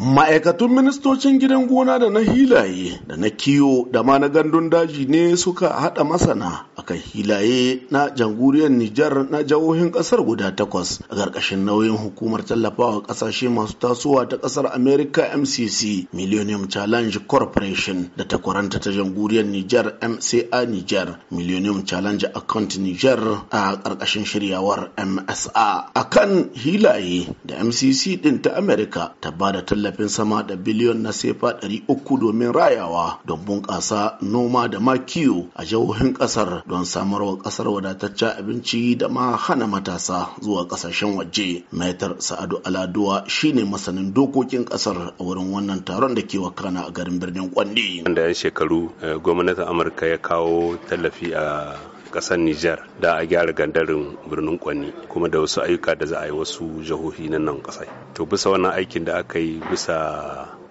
Ma'aikatun ministocin gidan gona da na hilaye da na kiwo da ma na gandun daji ne suka haɗa masana akan hilaye na janguriyar Nijar na jihohin kasar guda takwas a ƙarƙashin nauyin hukumar tallafawa ƙasashe masu tasowa ta ƙasar America MCC Millennium Challenge Corporation da ta kwaranta ta janguriyar Nijar MCA Nijar Millennium Challenge Account Nijar a ƙarƙashin shiryawar MSA A kan hilaye da MCC ɗin ta America ta ba da tallafin sama da biliyon na sefa ɗari uku domin rayawa don bunƙasa noma da makiyo a jihohin ƙasar don samar wa kasar wadataccen abinci da ma hana matasa zuwa kasashen waje maitar sa'adu aladuwa shine masanin dokokin kasar a wurin wannan taron da ke wakana a garin birnin kwandi wanda ya shekaru eh, gwamnatin amurka ya kawo tallafi a kasar Nijar da a gyara gandarin birnin Kwanni kuma da wasu ayyuka da za a yi wasu jihohi na nan kasai. To bisa wannan aikin da aka yi bisa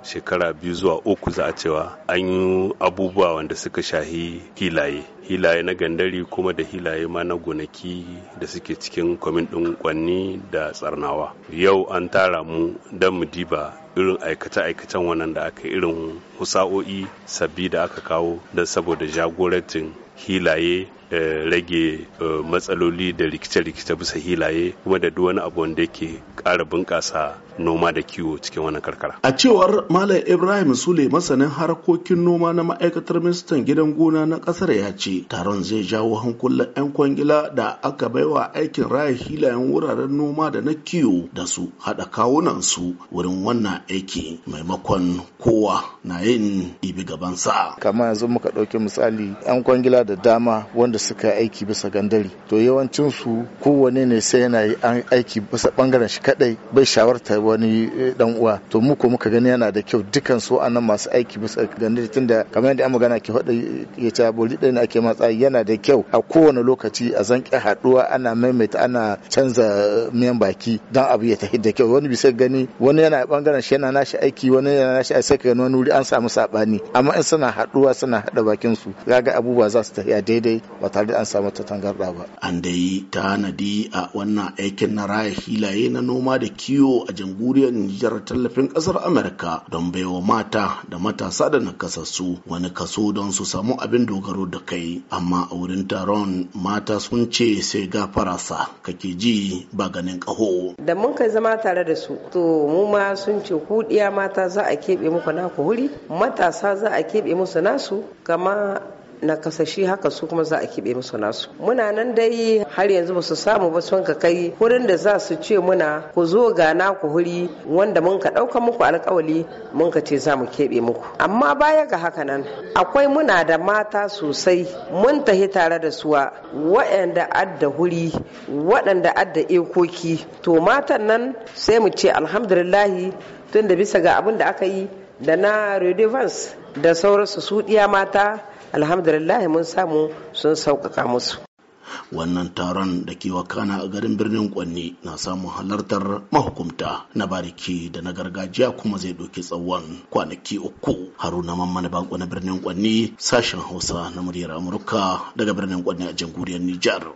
shekara biyu zuwa uku za a cewa an yi abubuwa wanda suka shahi hilaye hilaye na gandari kuma da hilaye ma na gonaki da suke cikin kwamin ɗin kwanni da tsarnawa yau an tara mu don mu diba irin aikace-aikacen wannan da aka irin husa'o'i sabbi da aka kawo don saboda jagorancin hilaye eh, rage eh, matsaloli da rikice-rikice bisa hilaye kuma da duk wani abu wanda yake ƙara bunƙasa noma da kiwo cikin wannan karkara. A cewar Malam Ibrahim Sule masanin harkokin noma na ma'aikatar ministan gidan gona na ƙasar ya ce taron zai jawo hankulan 'yan kwangila da aka baiwa aikin raya hilayen wuraren noma da na kiwo da su haɗa kawunan su wurin wannan aiki maimakon kowa na yin ibi gabansa. Kamar yanzu muka ɗauki misali 'yan kwangila da dama wanda suka aiki bisa gandari to yawancinsu kowane ne sai yana yi aiki bisa bangaren shi kadai bai shawarta wani dan eh, uwa to mu ko muka gani yana da kyau dukan su anan masu aiki bisa gandari tunda kamar yadda an magana ke faɗa ya ce boli ɗaya ne ake matsa yana da kyau a kowane lokaci a zanƙi haɗuwa ana maimaita ana canza miyan baki don abu ya tafi da kyau wani bisa gani wani yana bangaren shi yana nashi aiki wani yana nashi aiki sai ka gani wani wuri an samu saɓani amma in suna haduwa suna hada bakin su ga abubuwa za su tafiya daidai ba tare da an samu ta tangarɗa ba. An da yi tanadi a wannan aikin na raya hilaye na noma da kiwo a jamhuriyar Nijar tallafin ƙasar Amurka don baiwa mata da matasa da nakasassu wani kaso don su samu abin dogaro da kai. Amma a wurin taron mata sun ce sai gafarasa kake ji ba ganin kaho. Da mun kai zama tare da su to mu ma sun ce kuɗiya mata za a keɓe muku naku wuri matasa za a keɓe musu nasu kama na haka su kuma za a kiɓe musu nasu muna nan dai har yanzu ba su samu ba sun ka kai wurin da za su ce muna ku zo ga na ku huri wanda mun ka ɗauka muku alkawali mun ka ce za mu keɓe muku amma baya ga haka nan akwai muna da mata sosai mun tahi tare da suwa waɗanda adda huri waɗanda adda ekoki to matan nan sai mu ce alhamdulillahi tun da bisa ga abin da aka yi da na redevance da sauransu su ɗiya mata alhamdulillah mun samu sun sauƙaƙa musu wannan taron da ke wakana a garin birnin kwanne na samun halartar mahukumta na bariki da na gargajiya kuma zai ɗauki tsawon kwanaki uku haruna mamman bako na birnin kwanne sashen hausa na muryar amurka daga birnin kwanne a jamhuriyar nijar